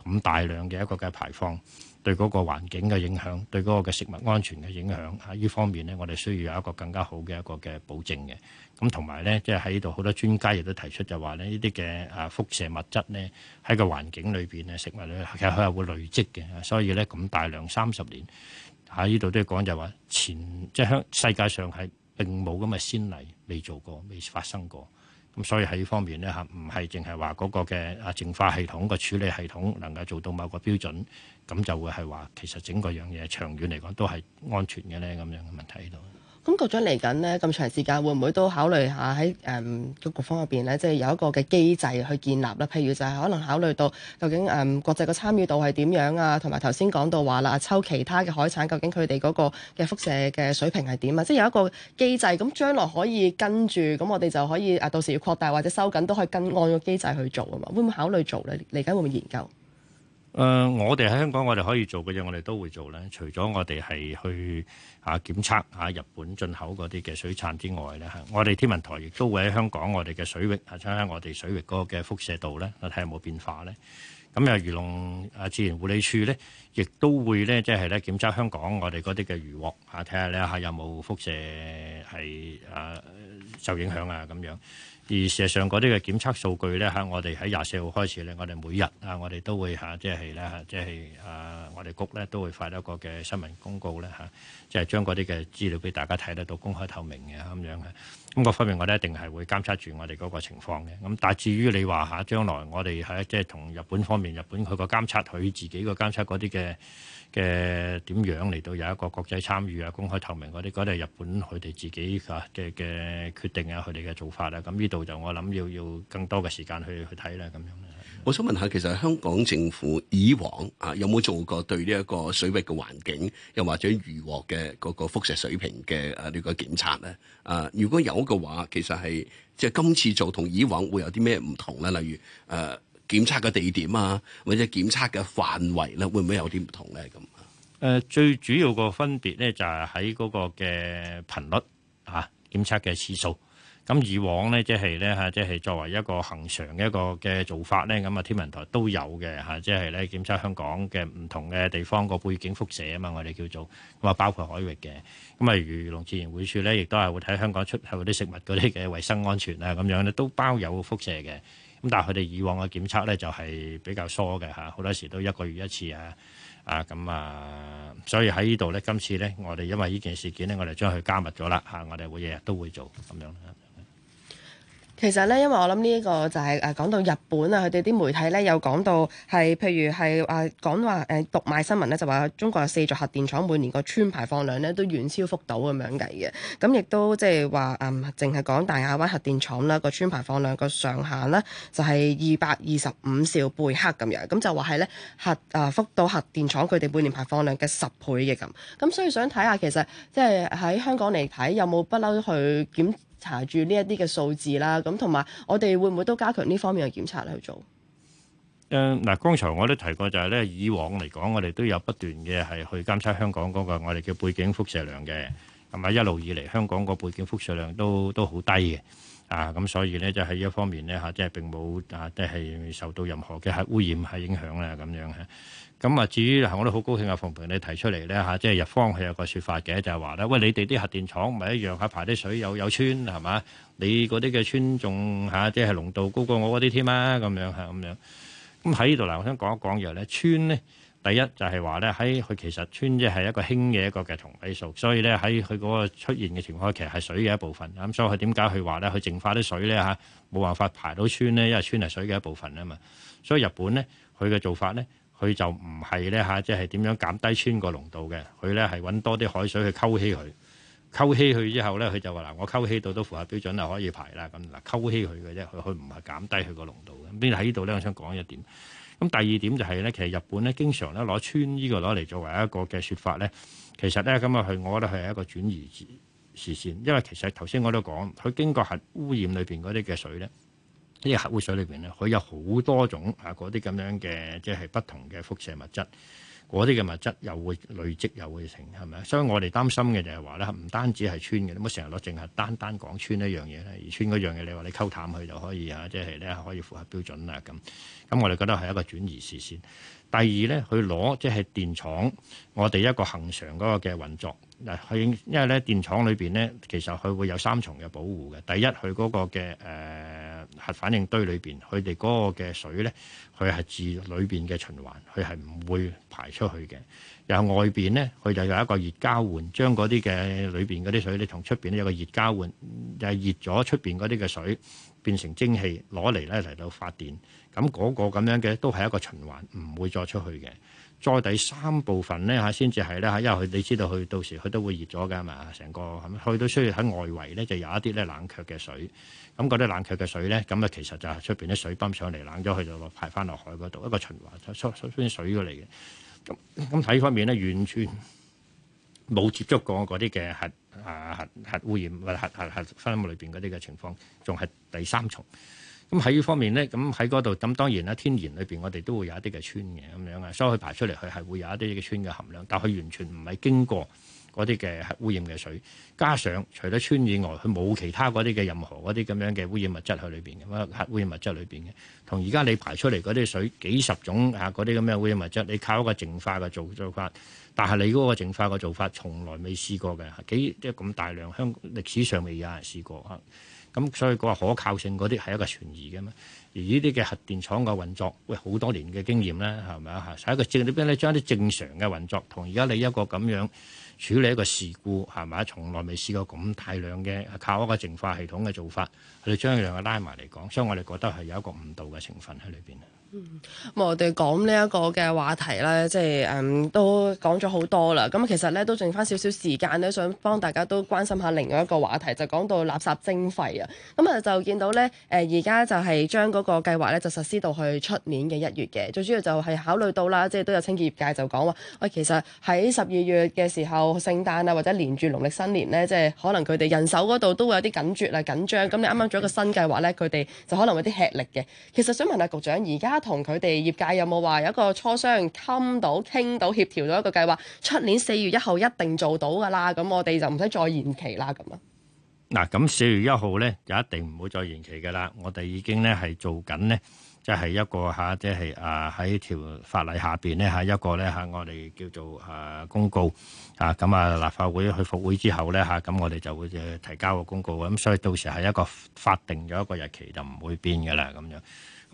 S3: 咁大量嘅一個嘅排放。對嗰個環境嘅影響，對嗰個嘅食物安全嘅影響，啊，呢方面呢，我哋需要有一個更加好嘅一個嘅保證嘅。咁同埋呢，即係喺呢度好多專家亦都提出就話呢呢啲嘅啊輻射物質呢，喺個環境裏邊呢，食物裏其實佢係會累積嘅，所以呢，咁大量三十年喺呢度都要講就話前即係香世界上係並冇咁嘅先例，未做過，未發生過。咁所以喺呢方面咧吓唔係淨係話嗰個嘅啊淨化系統個處理系統能夠做到某個標準，咁就會係話其實整個樣嘢長遠嚟講都係安全嘅咧，咁樣嘅問題喺度。
S1: 咁，局長嚟緊呢咁長時間會唔會都考慮下喺誒局方入邊呢？即係有一個嘅機制去建立啦。譬如就係可能考慮到究竟誒國際嘅參與度係點樣啊，同埋頭先講到話啦，抽其他嘅海產，究竟佢哋嗰個嘅輻射嘅水平係點啊？即係有一個機制咁，將來可以跟住咁，我哋就可以誒到時要擴大或者收緊，都可以跟按個機制去做啊嘛。會唔會考慮做咧？嚟緊會唔會研究？
S3: 誒、呃，我哋喺香港，我哋可以做嘅嘢，我哋都會做咧。除咗我哋係去啊檢測啊日本進口嗰啲嘅水產之外咧，我哋天文台亦都會喺香港我哋嘅水域啊測一我哋水域嗰個嘅輻射度咧，睇下有冇變化咧。咁、啊、又漁農啊自然護理署咧，亦都會咧即係咧檢測香港我哋嗰啲嘅漁獲啊，睇下咧嚇有冇輻射係誒、啊、受影響啊咁樣。而事實上嗰啲嘅檢測數據咧嚇，我哋喺廿四號開始咧，我哋每日啊，我哋都會嚇，即係咧，即係啊，我哋局咧都會發一個嘅新聞公告咧嚇、啊，即係將嗰啲嘅資料俾大家睇得到，公開透明嘅咁樣啊。咁、嗰個方面我哋一定係會監測住我哋嗰個情況嘅。咁但係至於你話嚇將來我哋喺即係同日本方面，日本佢個監測佢自己個監測嗰啲嘅。嘅點樣嚟到有一個國際參與啊、公開透明嗰啲，嗰啲係日本佢哋自己嚇嘅嘅決定啊，佢哋嘅做法啦。咁呢度就我諗要要更多嘅時間去去睇啦。咁樣，
S2: 我想問下，其實香港政府以往啊有冇做過對呢一個水域嘅環境，又或者漁獲嘅嗰個輻射水平嘅啊呢個檢查咧？啊，如果有嘅話，其實係即係今次做同以往會有啲咩唔同咧？例如誒。啊檢測嘅地點啊，或者檢測嘅範圍咧，會唔會有啲唔同咧？咁啊，
S3: 誒最主要個分別咧，就係喺嗰個嘅頻率啊，檢測嘅次數。咁以往咧，即係咧嚇，即係作為一個恆常嘅一個嘅做法咧，咁啊，天文台都有嘅嚇，即係咧檢測香港嘅唔同嘅地方個背景輻射啊嘛，我哋叫做咁啊，包括海域嘅。咁啊，漁農自然護理署咧，亦都係會喺香港出口啲食物嗰啲嘅衞生安全啊，咁樣咧都包有輻射嘅。咁但係佢哋以往嘅檢測咧，就係比較疏嘅嚇，好多時都一個月一次啊啊，咁啊，所以喺呢度咧，今次咧，我哋因為呢件事件咧，我哋將佢加密咗啦嚇，我哋會日日都會做咁樣。
S1: 其實咧，因為我諗呢一個就係、是、誒、啊、講到日本啊，佢哋啲媒體咧有講到係，譬如係話、啊、講話誒、呃、讀賣新聞咧，就話中國有四座核電廠每年個氚排放量咧都遠超福島咁樣計嘅。咁亦都即係話誒，淨係講大亞灣核電廠啦，個氚排放量個上限咧就係二百二十五兆貝克咁樣。咁就話係咧核誒、啊、福島核電廠佢哋每年排放量嘅十倍嘅咁。咁所以想睇下其實即係喺香港嚟睇有冇不嬲去檢查住呢一啲嘅數字啦，咁同埋我哋會唔會都加強呢方面嘅檢查去做？
S3: 誒嗱、呃，剛才我都提過，就係、是、咧，以往嚟講，我哋都有不斷嘅係去監測香港嗰個我哋叫背景輻射量嘅，同埋一路以嚟香港個背景輻射量都都好低嘅。啊，咁所以咧就喺一方面咧嚇，即係並冇啊，即係、啊、受到任何嘅核污染係影響啦咁樣嘅。咁啊至於啊，我都好高興啊，馮平你提出嚟咧嚇，即係日方係有個説法嘅，就係話咧，喂，你哋啲核電廠唔係一樣嚇、啊，排啲水有有村係嘛？你嗰啲嘅村仲嚇、啊，即係濃度高過我嗰啲添啊咁樣嚇咁樣。咁喺呢度嗱，我想講一講嘅咧、啊，村咧。第一就係話咧，喺佢其實氚即係一個氫嘅一個嘅同位素，所以咧喺佢嗰個出現嘅情況，其實係水嘅一部分。咁所以佢點解佢話咧，佢淨化啲水咧嚇，冇辦法排到氚咧，因為氚係水嘅一部分啊嘛。所以日本咧，佢嘅做法咧，佢就唔係咧嚇，即係點樣減低氚個濃度嘅，佢咧係揾多啲海水去溝稀佢，溝稀佢之後咧，佢就話嗱，我溝稀到都符合標準啊，可以排啦。咁嗱，溝稀佢嘅啫，佢佢唔係減低佢個濃度嘅。咁喺呢度咧，我想講一點。咁第二點就係咧，其實日本咧經常咧攞穿呢個攞嚟作為一個嘅説法咧，其實咧咁啊，佢我覺得係一個轉移視線。因為其實頭先我都講，佢經過核污染裏邊嗰啲嘅水咧，啲核污水裏邊咧，佢有好多種啊，嗰啲咁樣嘅即係不同嘅輻射物質。嗰啲嘅物質又會累積又會成係咪？所以我哋擔心嘅就係話咧，唔單止係氚嘅，你唔好成日攞淨係單單講氚一樣嘢咧。而氚嗰樣嘢，你話你溝淡佢就可以啊，即係咧可以符合標準啊咁。咁我哋覺得係一個轉移視線。第二咧，去攞即係電廠，我哋一個恒常嗰個嘅運作。嗱，佢因為咧電廠裏邊咧，其實佢會有三重嘅保護嘅。第一，佢嗰個嘅誒。呃核反應堆裏邊佢哋嗰個嘅水呢，佢係自裏邊嘅循環，佢係唔會排出去嘅。然後外邊呢，佢就有一個熱交換，將嗰啲嘅裏邊嗰啲水呢，同出邊有個熱交換，就係熱咗出邊嗰啲嘅水變成蒸汽攞嚟呢，嚟到發電。咁嗰個咁樣嘅都係一個循環，唔會再出去嘅。再第三部分呢，嚇、啊，先至係呢。嚇，因為你知道佢到時佢都會熱咗㗎嘛，成個咁，佢都需要喺外圍呢，就有一啲咧冷卻嘅水，咁嗰啲冷卻嘅水呢，咁啊其實就係出邊啲水泵上嚟冷咗，佢就排返落海嗰度，一個循環出出水過嚟嘅。咁咁睇方面呢，完全冇接觸過嗰啲嘅核、啊、核核污染核核核廢物裏邊嗰啲嘅情況，仲係第三重。咁喺呢方面咧，咁喺嗰度，咁當然啦，天然裏邊我哋都會有一啲嘅氚嘅咁樣啊，所以佢排出嚟，佢係會有一啲嘅氚嘅含量，但係佢完全唔係經過嗰啲嘅核污染嘅水，加上除咗氚以外，佢冇其他嗰啲嘅任何嗰啲咁樣嘅污染物質喺裏邊嘅，核污染物質裏邊嘅。同而家你排出嚟嗰啲水，幾十種啊，嗰啲咁嘅污染物質，你靠一個淨化嘅做做法，但係你嗰個淨化嘅做法從來未試過嘅，幾即係咁大量香，歷史上未有人試過嚇。咁所以講可靠性嗰啲係一個存疑嘅嘛，而呢啲嘅核電廠嘅運作，喂好多年嘅經驗啦，係咪啊？係一個正點邊咧，將啲正常嘅運作同而家你一個咁樣處理一個事故係咪啊？從來未試過咁大量嘅靠一個淨化系統嘅做法，佢哋將佢兩個拉埋嚟講，所以我哋覺得係有一個誤導嘅成分喺裏邊。嗯，
S1: 咁、嗯嗯、我哋講呢一個嘅話題咧，即係誒，都講咗好多啦。咁其實咧都剩翻少少時間咧，想幫大家都關心下另外一個話題，就講到垃圾徵費啊。咁啊就見到咧，誒而家就係將嗰個計劃咧就實施到去出年嘅一月嘅。最主要就係考慮到啦，即係都有清潔業界就講話，喂、哎，其實喺十二月嘅時候，聖誕啊或者連住農曆新年咧，即係可能佢哋人手嗰度都會有啲緊缺啊緊張。咁你啱啱做一個新計劃咧，佢哋就可能有啲吃力嘅。其實想問下、啊、局長，而家？同佢哋業界有冇話有一個磋商、冚到、傾到、協調到一個計劃？出年四月一號一定做到噶啦，咁我哋就唔使再延期啦。咁啊，
S3: 嗱，咁四月一號咧就一定唔會再延期噶啦。我哋已經咧係做緊咧，即係一個吓，即係啊喺條法例下邊咧吓一個咧吓，我哋叫做啊公告啊，咁啊立法會去復會之後咧吓，咁我哋就會誒提交個公告。咁所以到時係一個法定咗一個日期就唔會變噶啦，咁樣。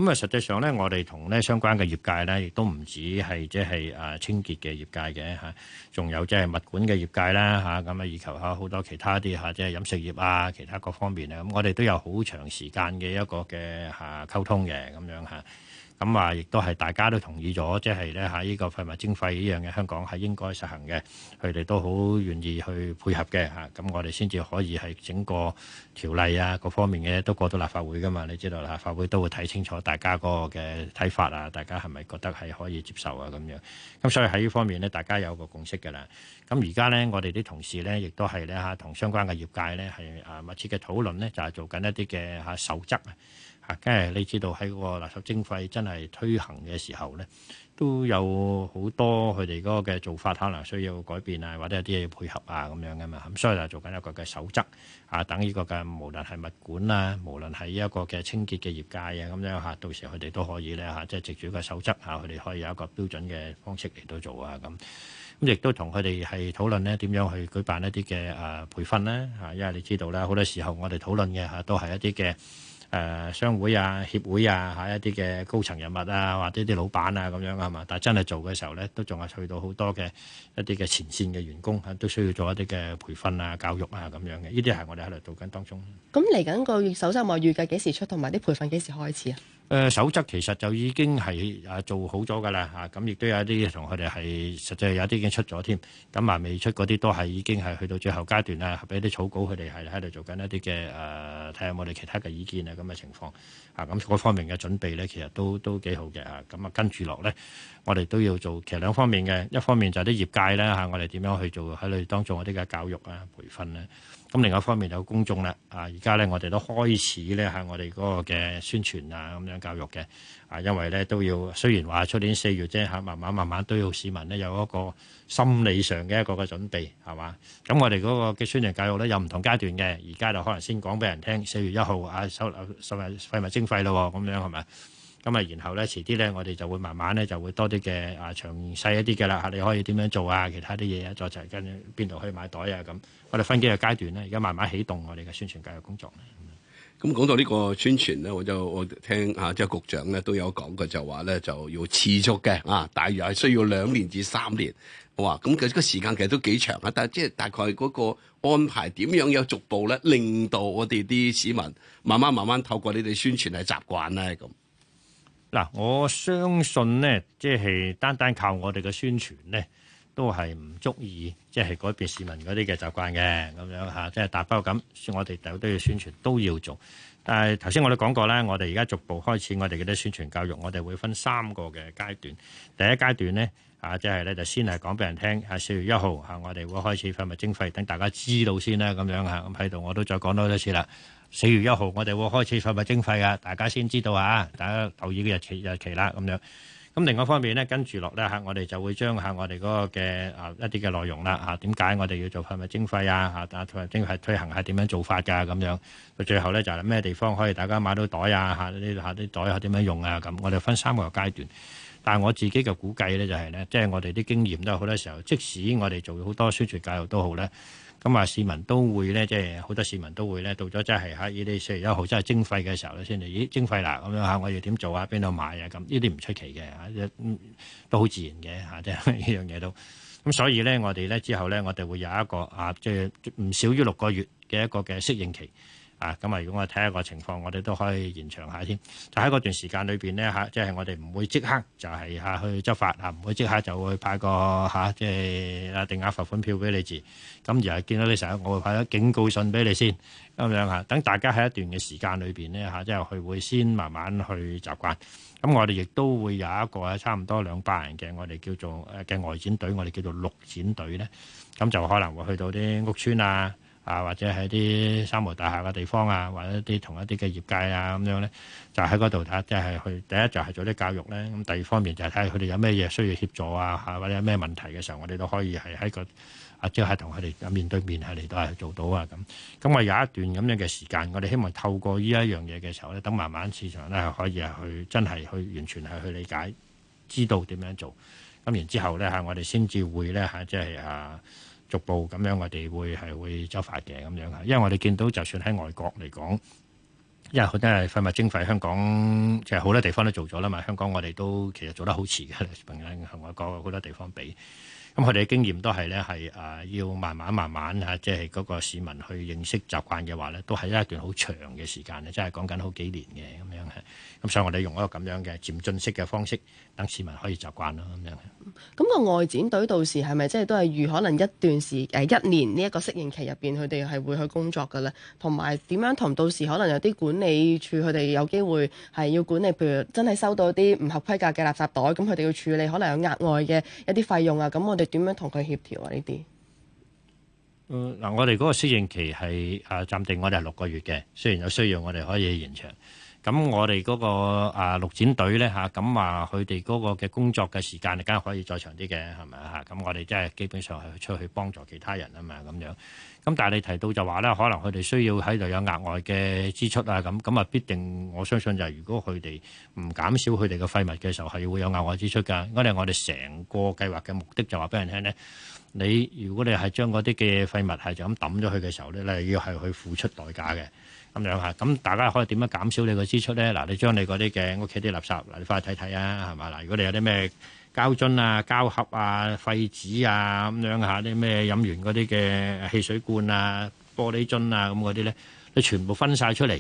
S3: 咁啊，實際上咧，我哋同咧相關嘅業界咧，亦都唔止係即係啊清潔嘅業界嘅嚇，仲有即係物管嘅業界啦嚇。咁啊，以及下好多其他啲嚇，即係飲食業啊，其他各方面啊。咁我哋都有好長時間嘅一個嘅嚇溝通嘅咁樣嚇。咁話亦都係大家都同意咗，即係咧喺呢個廢物徵費呢樣嘢，香港係應該實行嘅。佢哋都好願意去配合嘅吓。咁、啊嗯、我哋先至可以係整個條例啊各方面嘅都過到立法會噶嘛。你知道立法會都會睇清楚大家個嘅睇法啊，大家係咪覺得係可以接受啊咁樣？咁、嗯、所以喺呢方面呢，大家有個共識嘅啦。咁而家呢，我哋啲同事呢，亦都係呢吓同相關嘅業界呢係啊密切嘅討論呢，就係、是、做緊一啲嘅吓守則。啊，梗係你知道喺個垃圾徵費真係推行嘅時候咧，都有好多佢哋嗰個嘅做法，可能需要改變啊，或者有一啲嘢要配合啊，咁樣噶嘛。咁所以就做緊一個嘅守則啊，等呢個嘅無論係物管啊，無論係一個嘅清潔嘅業界啊，咁樣嚇，到時佢哋都可以咧嚇，即係藉住一個守則嚇，佢哋可以有一個標準嘅方式嚟到做啊。咁咁亦都同佢哋係討論咧點樣去舉辦一啲嘅誒培訓咧嚇，因為你知道啦好多時候我哋討論嘅嚇都係一啲嘅。誒、啊、商會啊、協會啊，嚇一啲嘅高層人物啊，或者啲老闆啊，咁樣係嘛。但係真係做嘅時候咧，都仲係去到好多嘅一啲嘅前線嘅員工、啊，都需要做一啲嘅培訓啊、教育啊咁樣嘅。呢啲係我哋喺度做緊當中。
S1: 咁嚟緊個手冊我預計幾時出，同埋啲培訓幾時開始啊？
S3: 誒、呃、守則其實就已經係啊做好咗㗎啦嚇，咁亦都有一啲同佢哋係實際有啲已經出咗添，咁啊未出嗰啲都係已經係去到最後階段啦，俾、啊、啲草稿佢哋係喺度做緊一啲嘅誒，睇、啊、下我哋其他嘅意見啊咁嘅情況，啊咁各方面嘅準備咧，其實都都幾好嘅嚇，咁啊跟住落咧，我哋都要做，其實兩方面嘅，一方面就係啲業界啦。嚇、啊，我哋點樣去做喺度當做我哋嘅教育啊培訓咧。咁另外一方面有公眾啦，啊而家咧我哋都開始咧喺我哋嗰個嘅宣傳啊咁樣教育嘅，啊因為咧都要雖然話出年四月啫嚇，慢慢慢慢都要市民咧有一個心理上嘅一個嘅準備係嘛？咁我哋嗰個嘅宣傳教育咧有唔同階段嘅，而家就可能先講俾人聽四月一號啊收收埋廢物徵費咯，咁樣係咪？咁啊，然後咧，遲啲咧，我哋就會慢慢咧，就會多啲嘅啊，詳細一啲嘅啦。嚇，你可以點樣做啊？其他啲嘢啊，再就係跟邊度去買袋啊？咁我哋分幾個階段咧，而家慢慢啟動我哋嘅宣傳教育工作咁
S2: 講、嗯、到呢個宣傳咧，我就我聽嚇即係局長咧都有講過，就話咧就要持續嘅啊，大約係需要兩年至三年。好啊，咁個時間其實都幾長啊，但係即係大概嗰個安排點樣有逐步咧，令到我哋啲市民慢慢慢慢透過
S3: 你哋宣傳係習慣咧咁。嗱、啊，我相信咧，即係單單靠我哋嘅宣傳咧，都係唔足以，即係改變市民嗰啲嘅習慣嘅咁樣嚇、啊，即係但不過咁，我哋都要宣傳都要做。但誒，頭先我都講過啦，我哋而家逐步開始我哋嘅啲宣傳教育，我哋會分三個嘅階段。第一階段咧，啊，即係咧就先係講俾人聽，係四月一號嚇，我哋會開始廢物徵費，等大家知道先啦，咁樣嚇，咁喺度我都再講多一次啦。四月一號，我哋會開始廢物徵費啊。大家先知道啊！大家留意嘅日期日期啦，咁樣。咁另外一方面呢，跟住落咧嚇，我哋就會將下我哋嗰個嘅啊一啲嘅內容啦嚇，點解我哋要做廢物徵費啊嚇？廢物徵費推行係點樣做法㗎？咁樣。到最後咧，就係咩地方可以大家買到袋啊嚇？啲嚇啲袋係點樣用啊？咁我哋分三個階段。但係我自己嘅估計咧，就係呢，即係我哋啲經驗都好多時候，即使我哋做好多宣傳教育都好咧。咁啊，市民都會咧，即係好多市民都會咧，到咗真係喺呢啲四月一號真係徵費嘅時候咧，先至咦，徵費啦，咁樣嚇，我要點做啊？邊度買啊？咁呢啲唔出奇嘅，都好自然嘅嚇，即係呢樣嘢都。咁所以咧，我哋咧之後咧，我哋會有一個啊，即係唔少於六個月嘅一個嘅適應期。啊，咁啊，如果我哋睇下個情況，我哋都可以延長下添。就喺嗰段時間裏邊咧嚇，即係我哋唔會即刻就係嚇去執法啊，唔會即刻就會派個嚇即係啊定額罰款票俾你住。咁而係見到你成日，我會派啲警告信俾你先。咁樣嚇，等大家喺一段嘅時間裏邊咧嚇，即係佢會先慢慢去習慣。咁我哋亦都會有一個差唔多兩百人嘅，我哋叫做嘅外展隊，我哋叫做綠展隊咧。咁就可能會去到啲屋邨啊。啊，或者喺啲三無大廈嘅地方啊，或者啲同一啲嘅業界啊，咁樣咧，就喺嗰度睇，即係去第一就係做啲教育咧。咁第二方面就係睇下佢哋有咩嘢需要協助啊，嚇、啊、或者有咩問題嘅時候，我哋都可以係喺個啊，即係同佢哋面對面係嚟到係做到啊咁。咁我有一段咁樣嘅時間，我哋希望透過呢一樣嘢嘅時候咧，等慢慢市場咧可以係去真係去完全係去理解，知道點樣做。咁然之後咧嚇、啊，我哋先至會咧嚇，即係啊。就是啊逐步咁樣，我哋會係會走法嘅咁樣嚇，因為我哋見到就算喺外國嚟講，因為真係廢物徵費，香港即係好多地方都做咗啦嘛。香港我哋都其實做得好遲嘅，平日同外國好多地方比，咁佢哋經驗都係咧係誒要慢慢慢慢嚇，即係嗰個市民去認識習慣嘅話咧，都係一段好長嘅時間咧，即係講緊好幾年嘅咁樣嚇。咁所以，我哋用一個咁樣嘅漸進式嘅方式。市民可以習慣咯咁
S1: 樣。咁、嗯嗰個外展隊到時係咪即係都係預可能一段時誒一年呢一個適應期入邊，佢哋係會去工作嘅咧？同埋點樣同到時可能有啲管理處佢哋有機會係要管理，譬如真係收到啲唔合規格嘅垃圾袋，咁佢哋要處理，可能有額外嘅一啲費用啊。咁我哋點樣同佢協調啊？呢啲、嗯？
S3: 嗯，嗱，我哋嗰個適應期係誒、啊、暫定我哋係六個月嘅，雖然有需要我哋可以延長。咁我哋嗰個啊綠展隊咧嚇，咁話佢哋嗰個嘅工作嘅時間，你梗係可以再長啲嘅，係咪啊？咁我哋即係基本上係出去幫助其他人啊嘛，咁樣。咁但係你提到就話咧，可能佢哋需要喺度有額外嘅支出啊，咁咁啊，必定我相信就係如果佢哋唔減少佢哋嘅廢物嘅時候，係會有額外支出㗎。因為我哋成個計劃嘅目的就話俾人聽咧，你如果你係將嗰啲嘅廢物係就咁抌咗佢嘅時候咧，你係要係去付出代價嘅。咁樣嚇，咁大家可以點樣減少你嘅支出咧？嗱，你將你嗰啲嘅屋企啲垃圾，嗱你翻去睇睇啊，係嘛嗱？如果你有啲咩膠樽啊、膠盒啊、廢紙啊咁樣嚇，啲咩飲完嗰啲嘅汽水罐啊、玻璃樽啊咁嗰啲咧，你全部分晒出嚟，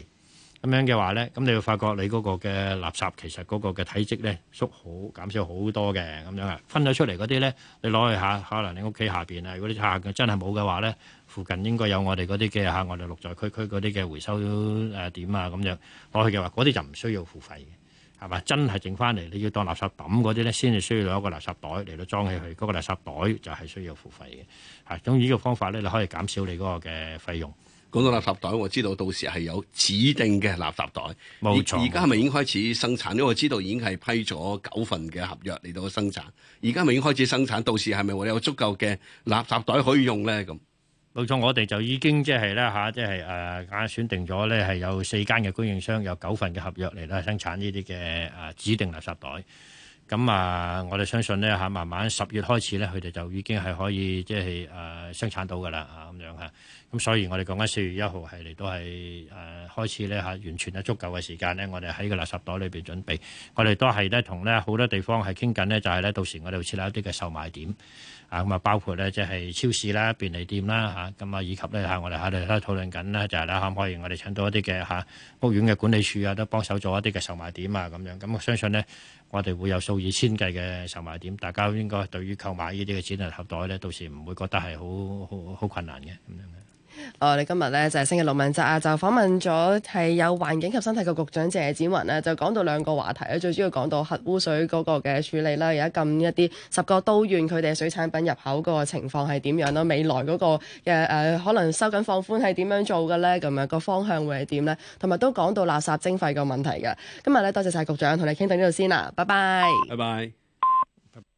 S3: 咁樣嘅話咧，咁你會發覺你嗰個嘅垃圾其實嗰個嘅體積咧縮好減少好多嘅，咁樣啊，分咗出嚟嗰啲咧，你攞去下，可能你屋企下邊啊，如果你下嘅真係冇嘅話咧。附近應該有我哋嗰啲嘅，嚇，我哋綠在區區嗰啲嘅回收誒點啊咁樣，啊、樣，攞去嘅話嗰啲就唔需要付費嘅，係嘛？真係剩翻嚟你要當垃圾抌嗰啲咧，先至需要攞一個垃圾袋嚟到裝起去，嗰個垃圾袋就係需要付費嘅。嚇，咁依個方法咧你可以減少你嗰個嘅費用。講到垃圾袋，我知道到時係有指定嘅垃圾袋。
S2: 冇錯，而家係咪已經開始生產呢？我知道已經係批咗九份嘅合約嚟到生產，而家咪已經開始生產，到時係咪我有足夠嘅垃圾袋可以用咧咁？
S3: 冇錯，我哋就已經即係咧嚇，即係誒揀選定咗咧，係有四間嘅供應商，有九份嘅合約嚟咧生產呢啲嘅誒指定垃圾袋。咁啊，我哋相信咧嚇、啊，慢慢十月開始咧，佢哋就已經係可以即係誒生產到噶啦嚇咁樣嚇。咁、啊、所以我哋講緊四月一號係嚟都係誒、啊、開始咧嚇、啊，完全有足夠嘅時間咧，我哋喺個垃圾袋裏邊準備。我哋都係咧同咧好多地方係傾緊咧，就係、是、咧到時我哋會設立一啲嘅售賣點。啊，咁啊，包括咧即係超市啦、便利店啦嚇，咁啊以及咧，嚇我哋喺度都討論緊啦。就係啦，可唔可以我哋請到一啲嘅嚇屋苑嘅管理處啊，都幫手做一啲嘅售賣點啊，咁樣。咁我相信咧，我哋會有數以千計嘅售賣點，大家應該對於購買呢啲嘅紙質盒袋咧，到時唔會覺得係好好好困難嘅咁樣。
S1: 我哋、哦、今日咧就係、是、星期六問責啊，就訪問咗係有環境及生態嘅局長謝展寰啦，就講到兩個話題啦，最主要講到核污水嗰個嘅處理啦，而家禁一啲十個都縣佢哋嘅水產品入口嗰個情況係點樣咯？未來嗰、那個嘅、呃、可能收緊放寬係點樣做嘅咧？咁樣個方向會係點咧？同埋都講到垃圾徵費個問題嘅。今日咧多謝晒局長，同你傾到呢度先啦，拜
S2: 拜，拜拜。